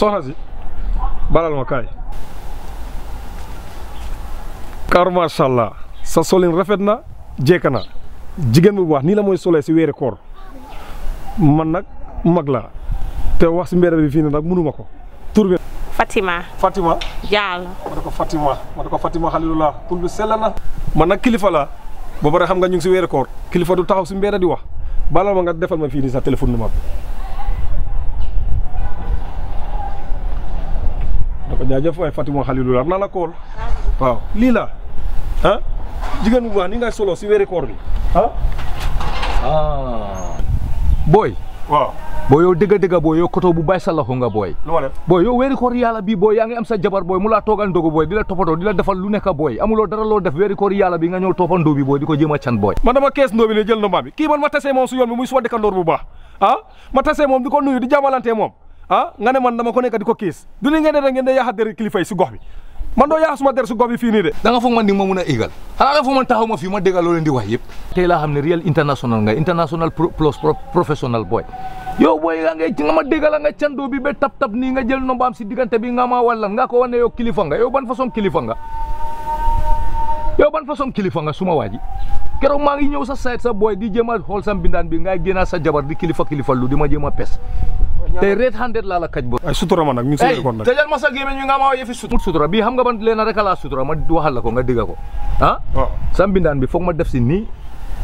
soxna si balal ma kaay. kar macha allah sa solin rafet na jekk na jigéen bu wax nii la mooy solee si weeri man nag mag la te wax si mbedd bi fii nag mënuma ko tur bi. Fatima. Fatima. Diallo. ma ne ko Fatima ma ne ko Fatima Xalilullah tur bi sell na. man nag kilifa la ba pare xam nga ñu ngi si weeri kilifa du taxaw si mbedd di wax balal ma nga defal ma fii nii sa téléphone numéro bi. naa la kool waaw lii la ah jigéen bu baax jabar booy mu laa toogal ndogu booy di la toppatoo di la defal lu nekk booy amuloo dara loo def weeri koor bi nga ñëw toppa ndóo bi booy di ko jéem a can booy man dama kees ndóo bi la jël na mbaam bi kii man ma tasee moom su yoon bi muy soo dëkkandoor bu baax ma tasee moom di ko nuyu di jàmmalante moom ah nga ne man dama ko nekkati ko kiss du ni ngeen ne da ngeen di yaaxa der kilifa yi su gox bi man do ya suma der su gox bi fi ni de da nga man ni ma meuna egal égal xanaa man taxaw ma ma degal lo len di wax yeb tey la xam real international nga international plus professional boy Yo boy nga ngay nga ma degal nga ciando bi be tap tap nih nga jël nombaam ci digante bi nga ma wallan nga ko wone yo kilifa nga yo ban façon kilifa nga yo ban façon kilifa nga suma waji kero ma ngi ñew sa sa boy di jéem a sam sa bi nga génnaat sa jabar di kilifa kilifa lu di ma jéem pes tey red handed laa la kaj bo sutura ma nag ñu sutura ma sa gémmiñ ñu nga ma sutura sutura ma waxal la ko nga digga ko ah sam bindaan bi foog ma def si nii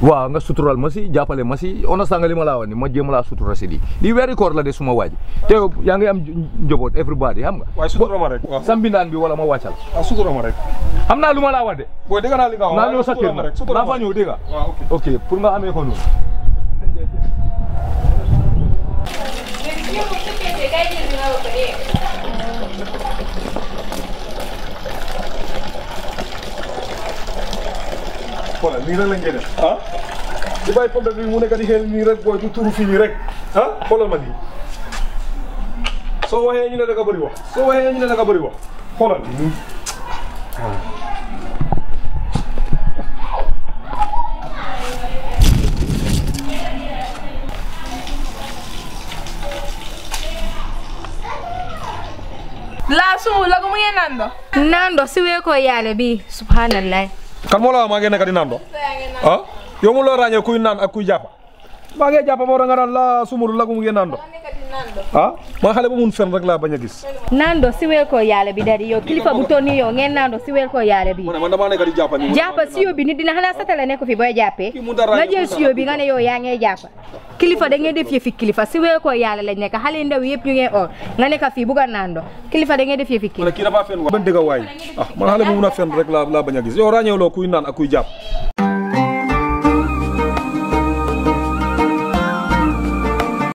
waaw nga sutural ma si jàppale ma si sa nga li ma laa wax ni ma jéem laa sutura si lii lii weeri koor la de suma waaj te yaa ngi am njaboot everybody xam nga ma rek sam bindaan bi wala ma wàccal ah, sutura ma rek xam naa lu ma laa wax de naa ñëw sa kër naa fa ñëw dégg nga ah, ok pour nga amee ko noonu voilà nii rek lañ koy def ah di bàyyi problème bi mu nekk xel nii rek booy du turu fii nii rek ah xoolal ma nii soo waxee ñu ne da soo waxee ñu ne da nga bëri wax xoolal. laasu lago mu ngi nando nando si wee yaale bi subhanallah kan moo la wax maa ngi nekk di nando ah yow kuy naan ak kuy jàppa maa ngi jàppa moo tax laa sumul lago mu ngi nando ah man xale bu mun fen rek laa bañ a gis. naandoo si wér ko bi dari yow kilifa bu toll nii yow ngeen naandoo si wér ko yàlla bi. man damaa nekk di jàppa nii. si yow bi nit dina xanaa satala nekk fi booy jàppee. nga jël si yow nga ne yow yaa ngay jàppa. kilifa da de def yëfi kilifa si wér ko yàlla lañ nekk xale ndaw yëpp ñu ngeen or nga nekk fii bugg a naandoo kilifa da ngeen def yëfi kilifa. man kii waay. ah man xale mun a fen rek laa bañ a gis yow ràññeewloo kuy kuy jàpp